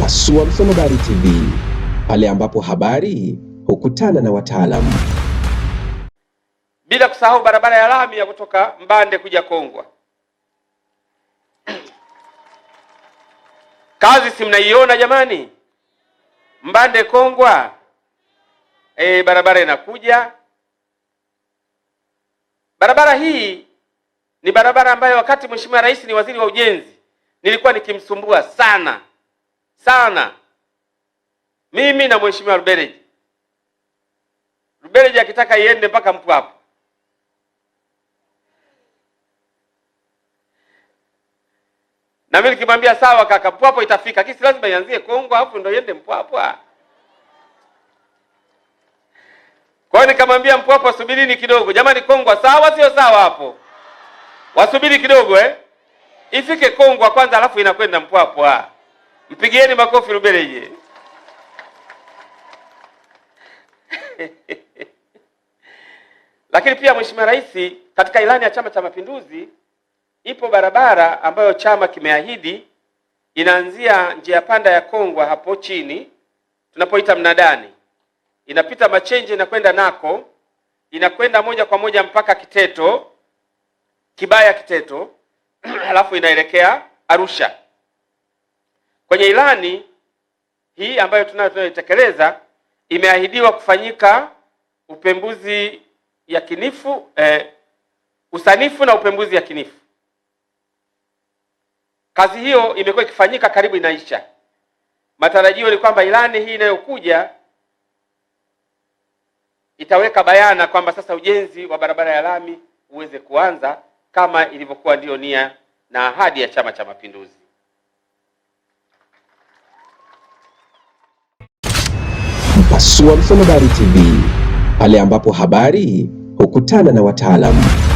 Pasua Msonobari TV, pale ambapo habari hukutana na wataalamu. Bila kusahau barabara ya lami ya kutoka Mbande kuja Kongwa. Kazi si mnaiona jamani, Mbande Kongwa. E, barabara inakuja. Barabara hii ni barabara ambayo wakati Mheshimiwa Rais ni waziri wa ujenzi nilikuwa nikimsumbua sana sana mimi na mheshimiwa Rubereje. rubereji akitaka iende mpaka Mpwapwa. Na mimi nikimwambia sawa kaka, Mpwapwa itafika, kisi lazima ianzie Kongwa hapo ndio iende Mpwapwa. Kwa hiyo nikamwambia Mpwapwa, subirini kidogo jamani, Kongwa sawa, sio sawa hapo? Wasubiri kidogo eh, ifike Kongwa kwanza, alafu inakwenda Mpwapwa. Mpigieni makofi Rubereje. Lakini pia Mheshimiwa Rais, katika ilani ya Chama cha Mapinduzi ipo barabara ambayo chama kimeahidi inaanzia njia panda ya Kongwa hapo chini tunapoita mnadani, inapita Machenje inakwenda Nako, inakwenda moja kwa moja mpaka Kiteto Kibaya Kiteto halafu inaelekea Arusha. Kwenye ilani hii ambayo tunayo tunayoitekeleza imeahidiwa kufanyika upembuzi yakinifu eh, usanifu na upembuzi yakinifu. Kazi hiyo imekuwa ikifanyika karibu inaisha. Matarajio ni kwamba ilani hii inayokuja itaweka bayana kwamba sasa ujenzi wa barabara ya lami uweze kuanza kama ilivyokuwa ndiyo nia na ahadi ya Chama cha Mapinduzi. Haswa Msonobari TV, pale ambapo habari hukutana na wataalamu